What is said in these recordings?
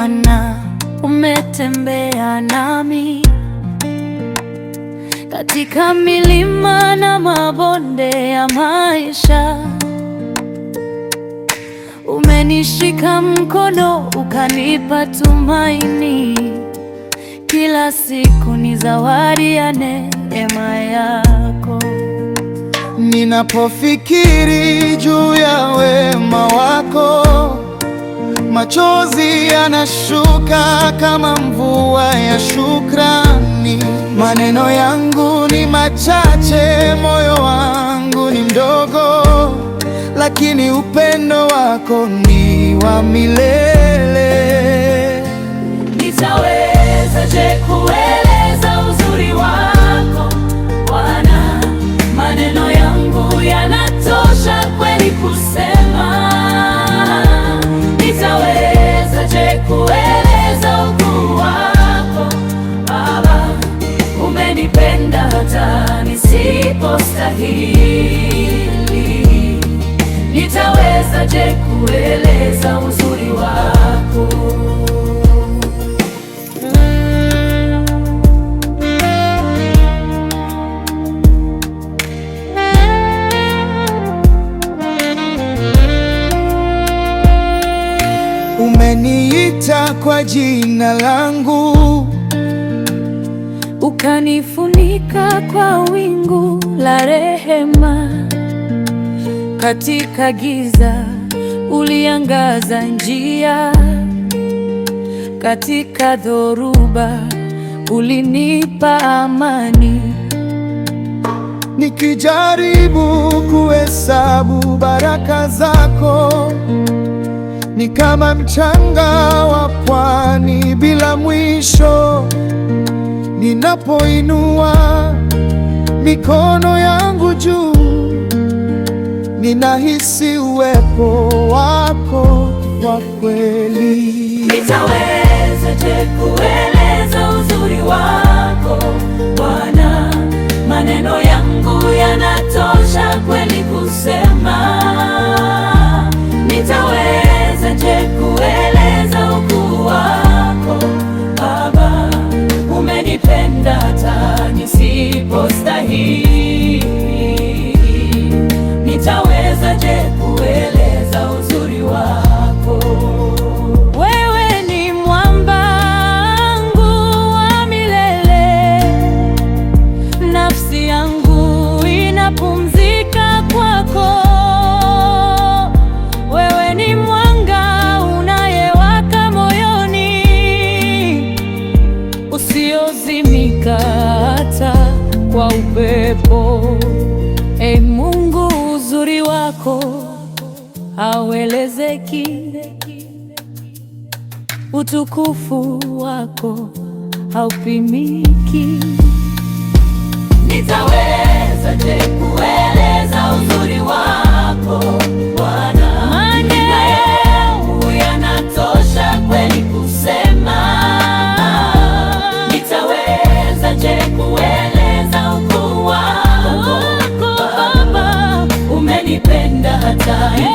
Bwana, umetembea nami katika milima na mabonde ya maisha. Umenishika mkono ukanipa tumaini. Kila siku ni zawadi ya neema yako. Ninapofikiri juu yawe Machozi yanashuka kama mvua ya shukrani. Maneno yangu ni machache, moyo wangu ni mdogo, lakini upendo wako ni wa milele. nitawezaje kueleza uzuri wako? Umeniita kwa jina langu, ukanifunika kwa wingu la rehema katika giza uliangaza njia, katika dhoruba ulinipa amani. Nikijaribu kuhesabu baraka zako, ni kama mchanga wa pwani bila mwisho. Ninapoinua mikono yangu juu ninahisi uwepo wako wa kweli. Nitawezaje kueleza uzuri wako? nikata kwa upepo. E Mungu, uzuri wako hauelezeki, utukufu wako haupimiki. Nitawezaje? Uzuri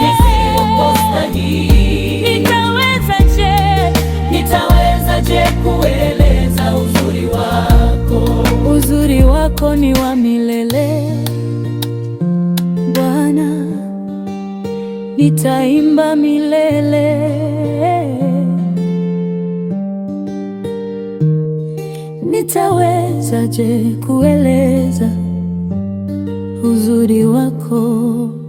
wako ni wa milele Bwana, nitaimba milele. Nitawezaje kueleza uzuri wako?